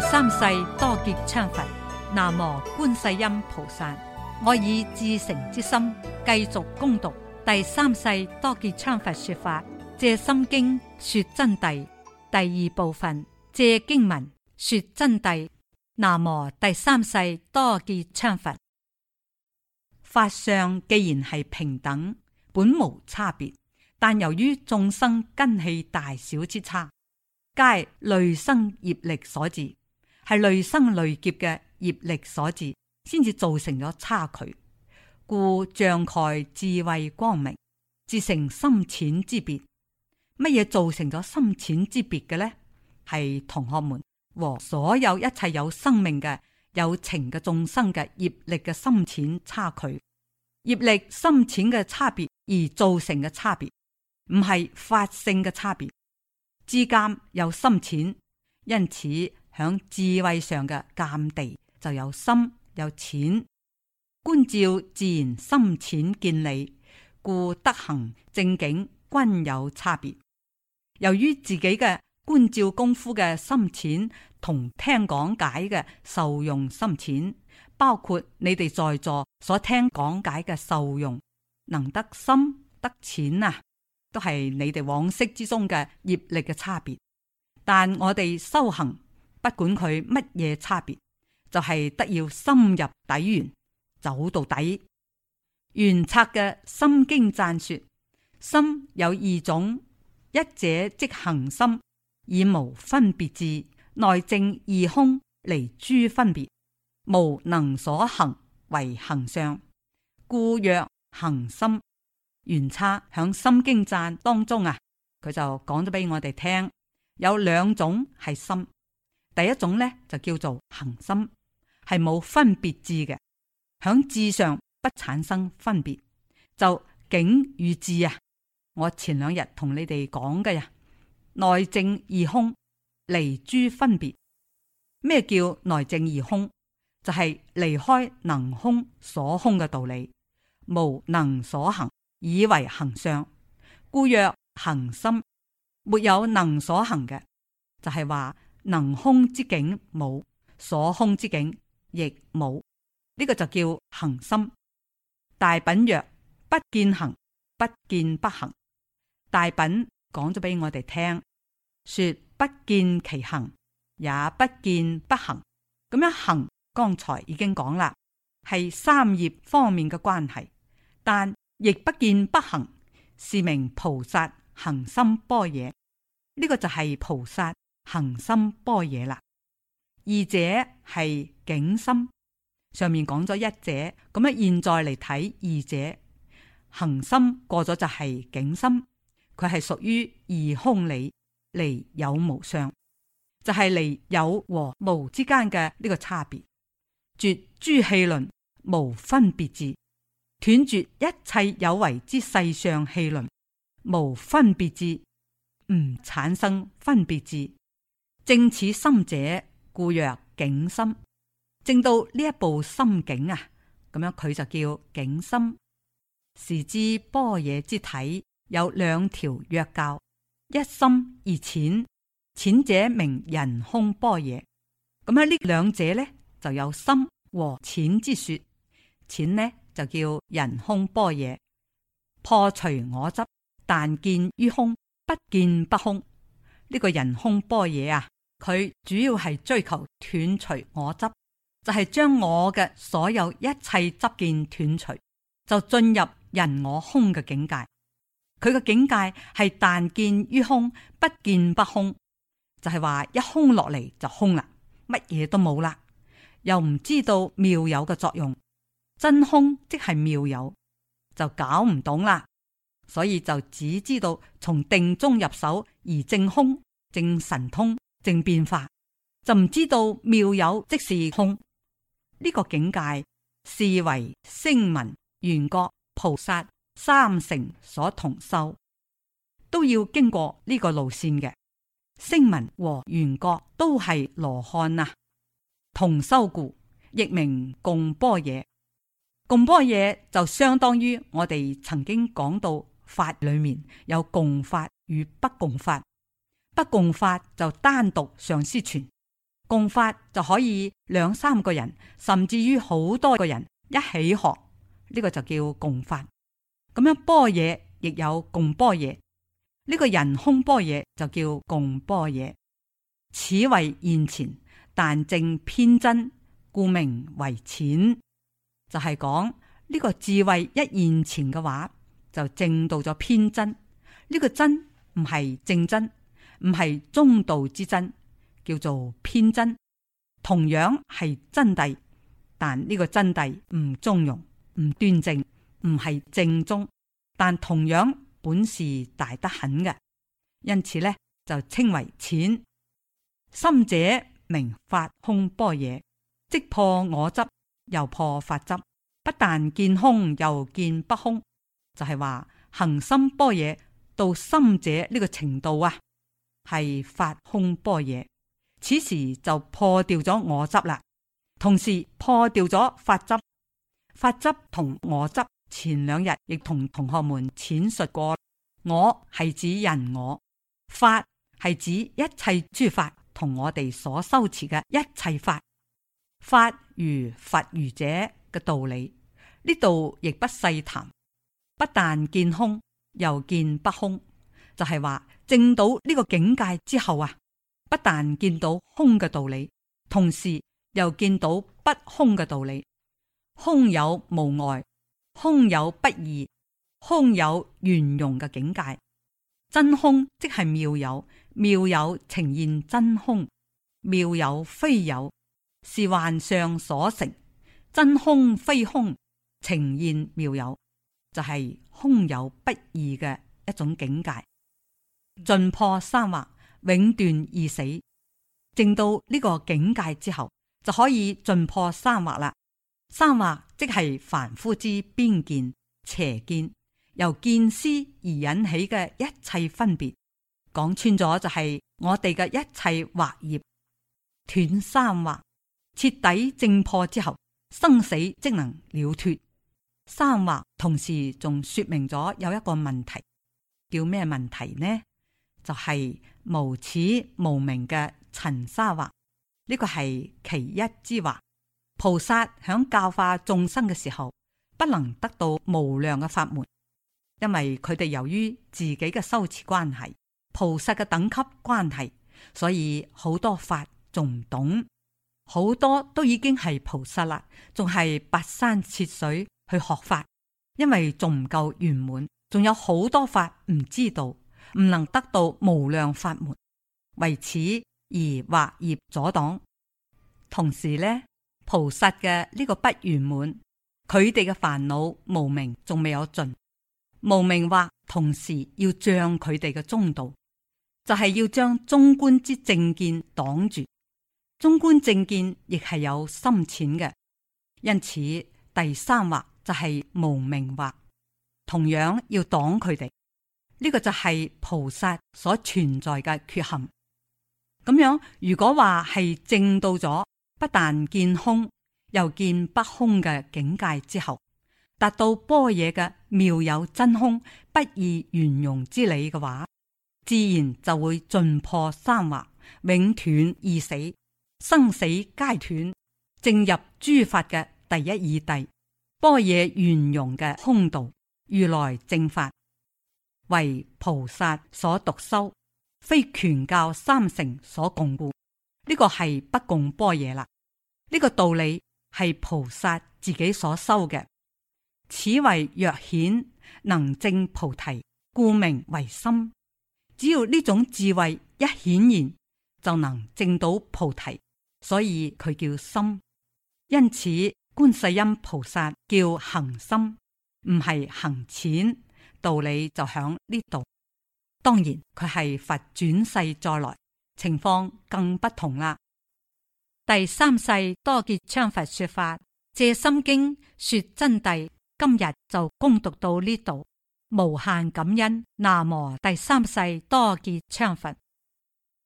第三世多杰羌佛，南無觀世音菩薩。我以至誠之心繼續攻讀第三世多杰羌佛說法，藉心經說真諦第二部分，藉經文說真諦。南無第三世多杰羌佛，法相既然係平等，本無差別，但由於眾生根器大小之差，皆累生業力所致。係累生累劫嘅業力所致，先至造成咗差距。故障蓋智慧光明，至成深淺之別。乜嘢造成咗深淺之別嘅呢？係同學們和所有一切有生命嘅、有情嘅眾生嘅業力嘅深淺差距，業力深淺嘅差別而造成嘅差別，唔係法性嘅差別，之間有深淺，因此。響智慧上嘅鑑地就有深有淺，觀照自然深淺見理，故德行正境均有差別。由於自己嘅觀照功夫嘅深淺同聽講解嘅受用深淺，包括你哋在座所聽講解嘅受用，能得深得淺啊，都係你哋往昔之中嘅業力嘅差別。但我哋修行。不管佢乜嘢差別，就係、是、得要深入底源，走到底。圓測嘅《心經贊》說：心有二種，一者即行心，以無分別智，內正二空，離諸分別，無能所行為行相，故曰行心。圓測響《心經贊》當中啊，佢就講咗俾我哋聽，有兩種係心。第一種咧，就叫做行心，係冇分別智嘅，響智上不產生分別，就境與智啊！我前兩日同你哋講嘅呀，內正而空，離諸分別。咩叫內正而空？就係離開能空所空嘅道理，無能所行以為行相，故曰行心，沒有能所行嘅，就係話。能空之境冇，所空之境亦冇，呢、這個就叫行心。大品曰：不見行，不見不行。大品講咗俾我哋聽，說不見其行，也不見不行。咁樣行，剛才已經講啦，係三業方面嘅關係，但亦不見不行，是名菩薩行心般若。呢、這個就係菩薩。恆心般若啦，二者係景心。上面講咗一者，咁樣現在嚟睇二者，恆心過咗就係景心，佢係屬於二空理，離有無相，就係、是、離有和無之間嘅呢個差別。絕諸戲論，無分別智，斷絕一切有為之世上戲論，無分別智，唔產生分別智。正此心者，故若境心。正到呢一部心境啊，咁樣佢就叫境心。是知般若之體有兩條約教，一心而淺，淺者名人空般若。咁樣呢兩者呢，就有心和淺之說，淺呢就叫人空般若。破除我執，但見於空，不見不空。呢、這個人空般若啊！佢主要係追求斷除我執，就係將我嘅所有一切執見斷除，就進入人我空嘅境界。佢嘅境界係但見於空，不見不空，就係話，一空落嚟就空啦，乜嘢都冇啦，又唔知道妙有嘅作用，真空即係妙有，就搞唔懂啦。所以就只知道從定中入手而正空正神通。性變化就唔知道妙有即是空呢個境界。是為聲聞、緣覺、菩薩三乘所同修，都要經過呢個路線嘅。聲聞和緣覺都係羅漢啊，同修故亦名共般若。共般若就相當於我哋曾經講到法裏面有共法與不共法。不共法就單獨上師傳，共法就可以兩三個人,甚至於好多個人一起學，呢個就叫共法。咁樣般若亦有共般若，呢個人空般若就叫共般若。此為現前，但正偏真，故名為淺。就係講呢個智慧一現前嘅話，就正到咗偏真。呢個真唔係正真，唔係中道之真，叫做偏真，同樣係真諦，但呢個真諦唔中庸，唔端正，唔係正宗，但同樣本事大得很嘅，因此呢，就稱為淺。深者明法空般若，即破我執又破法執，不但見空又見不空，就係話行深般若到深者呢個程度啊！係法空般若，此時就破掉咗我執啦，同時破掉咗法執。法執同我執，前兩日亦同同學們淺述過。我係指人我，法係指一切諸法同我哋所修持嘅一切法。法如法如者嘅道理，呢度亦不細談。不但見空，又見不空。就係話證到呢個境界之後啊，不但見到空嘅道理，同時又見到不空嘅道理。空有無礙，空有不二，空有圓融嘅境界。真空即係妙有，妙有呈現真空，妙有非有，是幻相所成。真空非空，呈現妙有，就係、是、空有不二嘅一種境界。盡破三惑，永斷二死。證到呢個境界之後，就可以盡破三惑啦。三惑即係凡夫之邊見、邪見，由見思而引起嘅一切分別。講穿咗就係我哋嘅一切惑業，斷三惑，徹底證破之後，生死即能了脫。三惑同時仲說明咗有一個問題，叫咩問題呢？就係無始無明嘅塵沙惑，呢、這個係其一之惑。菩薩響教化眾生嘅時候，不能得到無量嘅法門，因為佢哋由於自己嘅修持關係、菩薩嘅等級關係，所以好多法仲唔懂，好多都已經係菩薩啦，仲係跋山涉水去學法，因為仲唔夠圓滿，仲有好多法唔知道。唔能得到無量法門，為此而惑業阻擋。同時呢，菩薩嘅呢個不圓滿，佢哋嘅煩惱無明仲未有盡，無明惑同時要障佢哋嘅中道，就係、是、要將中觀之正見擋住。中觀正見亦係有深淺嘅，因此第三惑就係無明惑，同樣要擋佢哋。呢個就係菩薩所存在嘅缺陷。咁樣如果話係證到咗不但見空又見不空嘅境界之後，達到般若嘅妙有真空不二圓融之理嘅話，自然就會盡破三惑，永斷二死，生死皆斷，證入諸法嘅第一義諦，般若圓融嘅空道，如來正法。為菩薩所獨修，非權教三乘所共故。呢、這個係不共般若啦。呢、這個道理係菩薩自己所修嘅。此為若顯能證菩提，故名為深。只要呢種智慧一顯現，就能證到菩提，所以佢叫深。因此觀世音菩薩叫行深，唔係行淺。道理就響呢度，當然佢係佛轉世再來，情況更不同啦、啊。第三世多杰羌佛說法，借心經說真諦，今日就恭讀到呢度，無限感恩。南無第三世多杰羌佛。